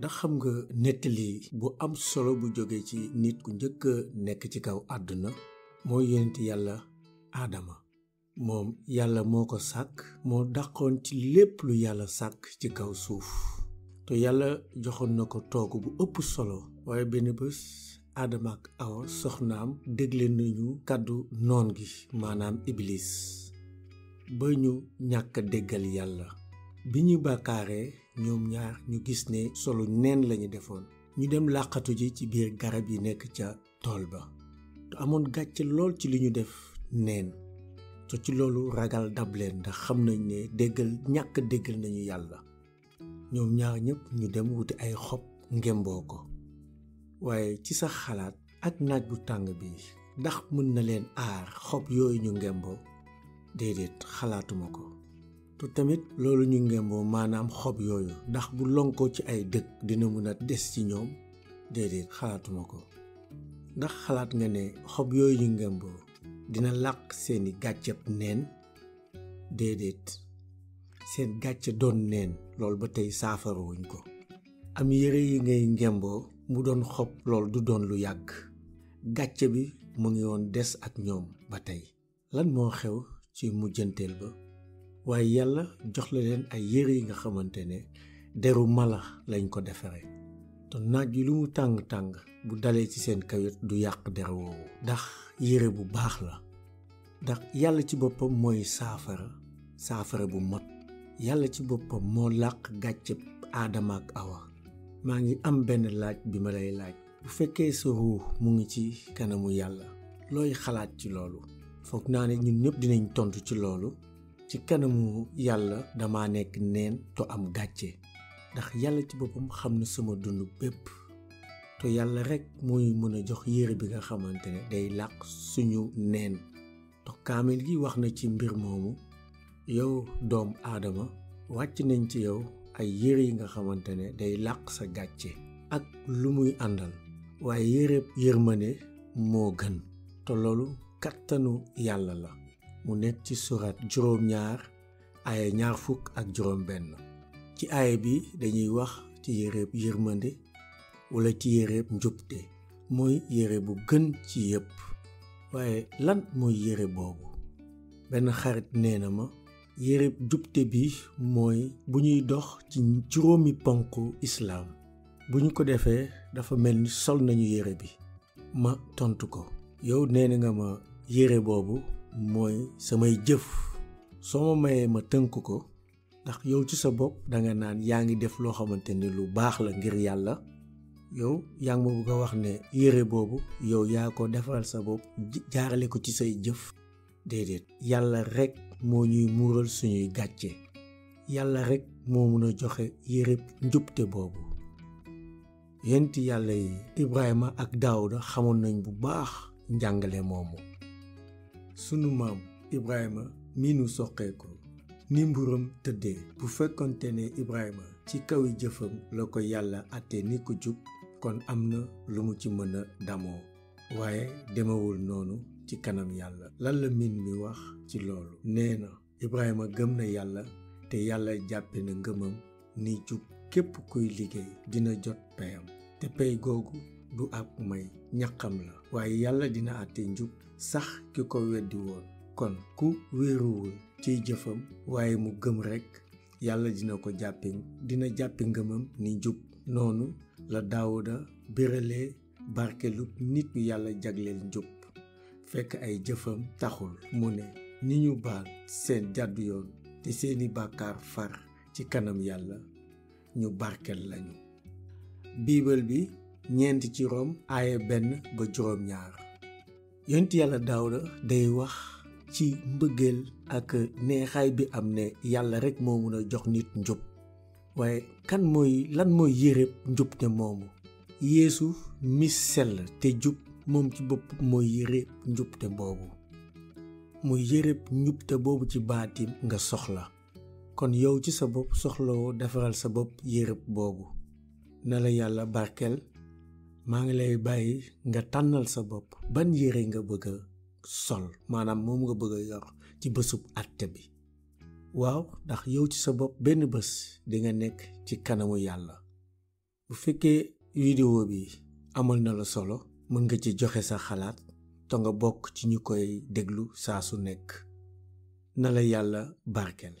ndax xam nga nettali bu am solo bu jóge ci nit ku njëkk a nekk ci kaw àdduna moo yonent yàlla aadama moom yàlla moo ko sàkk moo dàqoon ci lépp lu yàlla sàkk ci kaw suuf te yàlla joxoon na ko toog bu ëpp solo waaye benn bés Adama ak soxnaam dégle nañu kàddu noon gi maanaam iblis ba ñu ñàkk déggal yàlla bi ñu bàkkaaree ñoom ñaar ñu gis ne solu neen lañu defoon ñu dem làqatu ji ci biir garab yi nekk ca tool ba te amoon gàcce lool ci li ñu def neen te ci loolu ragal dab leen ndax xam nañ ne déggal ñàkk déggal nañu yàlla ñoom ñaar ñëpp ñu dem wuti ay xob ngemboo ko waaye ci sa xalaat ak naaj bu tàng bi ndax mën na leen aar xob yooyu ñu ngemboo déedéet xalaatuma ko tu tamit loolu ñu ngemboo maanaam xob yooyu ndax bu lonkoo ci ay dëkk dina mun a des ci ñoom déedéet xalaatuma ko ndax xalaat nga ne xob yooyu ñu ngemboo dina làq seeni gàcceb neen déedéet seen gàcce doon neen lool ba tey saafarawuñ ko am yére yi ngay ngemboo mu doon xob loolu du doon lu yàgg gàcce bi mu ngi woon des ak ñoom ba tey lan moo xew ci mujjanteel ba waaye yàlla jox la leen ay yére yi nga xamante ne deru mala lañ ko defare te naaj wi lu mu tàng-tàng bu dalee ci seen kawit du yàq der woowu ndax yére bu baax la ndax yàlla ci boppam mooy saafara saafara bu mot yàlla ci boppam moo làq gàcce aadama ak awa maa ngi am benn laaj bi ma lay laaj bu fekkee sa ruux mu ngi ci kanamu yàlla looy xalaat ci loolu foog naa ne ñun ñëpp dinañ tontu ci loolu ci kanamu yàlla dama nekk neen to am gàcce ndax yàlla ci boppam xam na sama dund bépp te yàlla rekk muy mën a jox yére bi nga xamante ne day làq suñu neen to kaamil gi wax na ci mbir moomu yow doom aadama wàcc nañ ci yow ay yére yi nga xamante ne day làq sa gàcce ak lu muy àndal waaye yére ne moo gën te loolu kattanu yàlla la mu nekk ci surat juróom-ñaar aaya ñaar fukk ak juróom-benn ci aaya bi dañuy wax ci yéreeb yërmande wala ci yéreeb njubte mooy yére bu gën ci yépp waaye lan mooy yére boobu benn xarit nee na ma yéreeb njubte bi mooy bu ñuy dox ci juróomi ponk islaam bu ñu ko defee dafa mel ni sol nañu yére bi ma tontu ko yow nee na nga ma yére boobu mooy samay jëf soo ma mayee ma tënk ko ndax yow ci sa bopp danga naan yaa ngi def loo xamante ni lu baax la ngir yàlla yow yaa ngi ma bëgg a wax ne yére boobu yow yaa ko defaral sa bopp jaarale ko ci say jëf déedéet yàlla rekk moo ñuy muural suñuy gàcce yàlla rek moo mën a joxe yére njubte boobu yent yàlla yi Ibrahima ak Daawuda xamoon nañ bu baax njàngale moomu sunu maam Ibrahima miinu nu soqeekoo ni mburam tëddee bu fekkonte ne Ibrahima ci kawi jëfam la ko yàlla àtte ni ko jub kon am na lu mu ci mëna a damoo waaye demewul noonu ci kanam yàlla lan la min mi wax ci loolu nee na Ibrahima gëm na yàlla te yàlla jàppe na ngëmam ni jub képp kuy liggéey dina jot payam te pay googu du ak may ñaqam la waaye yàlla dina àtte njub sax ki ko weddi woon kon ku wéeruwul ciy jëfam waaye mu gëm rekk yàlla dina ko jàppe dina jàppe ngëmam ni njub noonu la daawuda béralee barkelu nit ñu yàlla jagleel njub fekk ay jëfam taxul mu ne ni ñu baal seen jàddu yoon te seeni bàkkaar far ci kanam yàlla ñu barkel lañu biibal bi ñeent ci rom benn ba juróom-ñaar yonent yàlla daawda day wax ci mbëggeel ak neexaay bi am ne yàlla rek moo mun a jox nit njub waaye kan mooy lan mooy yéreeb njub te moomu yeesu mi sell te jub moom ci bopp mooy yéreeb njub te boobu mu yéreeb njub boobu ci baatim nga soxla kon yow ci sa bopp soxlawoo defaral sa bopp yéreeb boobu na la yàlla barkeel maa ngi lay bàyyi nga tànnal sa bopp ban yére nga bëgg a sol maanaam moom nga bëgg yor ci bésub àtte bi waaw ndax yow ci sa bopp benn bés dinga nekk ci kanamu yàlla bu fekkee vidéo bi amal na la solo mën nga ci joxe sa xalaat te nga bokk ci ñu koy déglu saa su nekk na la yàlla barkeel